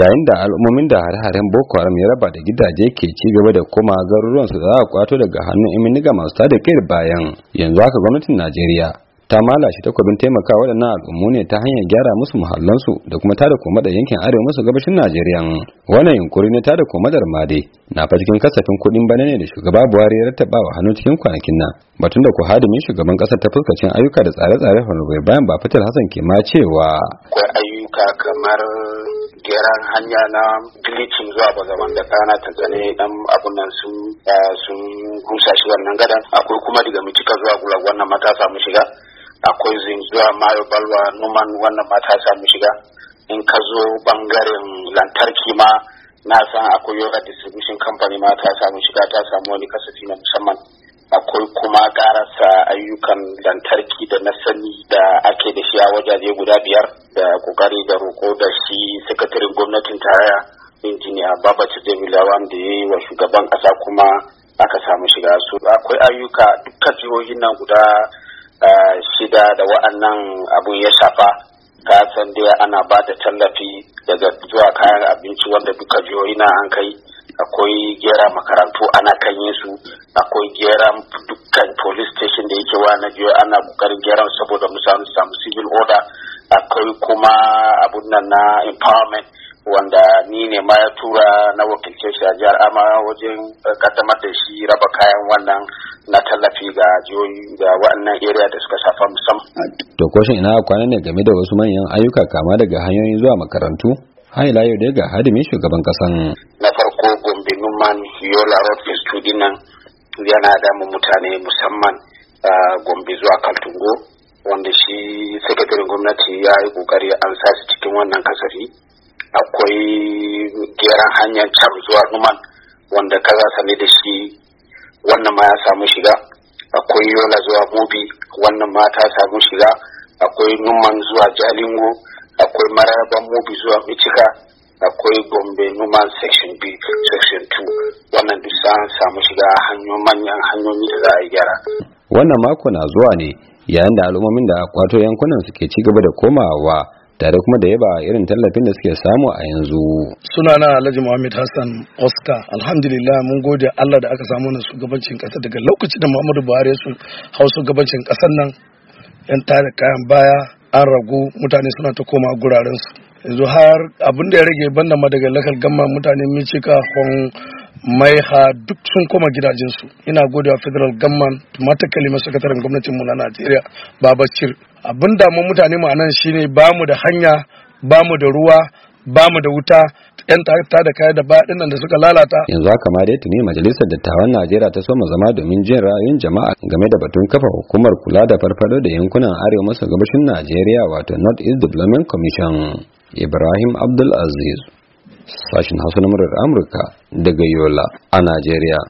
yayin da al'ummomin da hare-haren boko haram ya raba da gidaje ke ci gaba da koma garuruwan su za a kwato daga hannun iminiga masu tada kayar bayan yanzu haka gwamnatin najeriya ta malashi takwabin taimaka waɗannan al'ummu ne ta hanyar gyara musu muhallansu da kuma tada koma da yankin arewa masu gabashin najeriya wannan yunkuri na tada koma da made na fa cikin kasafin kuɗin bana ne da shugaba buhari ya rattaba wa hannu cikin kwanakin nan batun da ku hadimin shugaban ƙasar ta fuskacin ayyuka da tsare-tsare honorable bayan ba fitar hassan ke ma cewa shuka kamar geran hanya na bilicin zuwa bazaman da kana tantsane dan abun nan sun sun rusa shi wannan gadan akwai kuma daga micika zuwa gula wannan mata samu shiga akwai zin zuwa mayo balwa numan wannan mata samu shiga in ka zo bangaren lantarki ma na san akwai yoga distribution company ma ta samu shiga ta samu wani kasafi na musamman akwai kuma karasa ayyukan lantarki da na sani da ake da shi a wajaje guda biyar da kokari da roko da shi sakatarin gwamnatin tarayya injiniya babaci jamila wanda ya yi wa shugaban kasa kuma aka samu shiga su akwai ayyuka dukkan jihohin nan guda shida da wa'annan abun ya shafa ka san dai ana ba da tallafi daga zuwa kayan abinci wanda duka jihohi na an kai akwai gera makarantu ana kan yin su akwai gera dukkan police station da yake wa na biyu ana kokarin gera saboda mu samu samu civil order akwai kuma abun nan na empowerment wanda ni ne ma ya tura na wakilce shi a jihar ama wajen eh, kaddamar da shi raba kayan wannan na tallafi ga jihohi ga wannan area da suka shafa musamman. To koshin ina kwana ne game da wasu manyan ayyuka kama daga hanyoyin zuwa makarantu? Hanyar layo daga hadimin shugaban kasan. Na domin yola road phase dinnan yana damu mutane musamman a gombe zuwa kaltungo wanda shi sakatarin gwamnati ya yi kokari an sa cikin wannan kasafi akwai geran hanyar cam zuwa numan wanda kaza sane da shi wannan ma ya samu shiga akwai yola zuwa mobi wannan ma ta samu shiga akwai numan zuwa jalingo akwai mararaban mobi zuwa micika akwai gombe numan section b ga an samu shiga hanyoyin manyan hanyoyi da za a gyara wannan mako na zuwa ne yayin da al'ummomin da kwato yankunan suke ci gaba da komawa tare kuma da yaba irin tallafin da suke samu a yanzu. Suna na Alhaji Muhammad Hassan Oscar, alhamdulillah mun gode Allah da aka samu na shugabancin ƙasa daga lokacin da Muhammadu Buhari su hau shugabancin ƙasar nan yan tare kayan baya an ragu mutane suna ta koma gurarensu. yanzu har abin da ya rage banda lakar gama mutane micika hon maiha duk sun koma gidajensu ina godewa federal gamman mata kalimar sakataren gwamnatin mu na najeriya babacir abin mu mutane mu anan shine bamu da hanya bamu da ruwa ba mu da wuta yan ta da kaya da baɗin da suka lalata yanzu haka ma dai tuni majalisar dattawan najeriya ta soma zama domin jin ra'ayoyin jama'a game da batun kafa hukumar kula da farfado da yankunan arewa maso gabashin najeriya wato north east development commission ibrahim abdul aziz sashin hausa na murar amurka daga yola a najeriya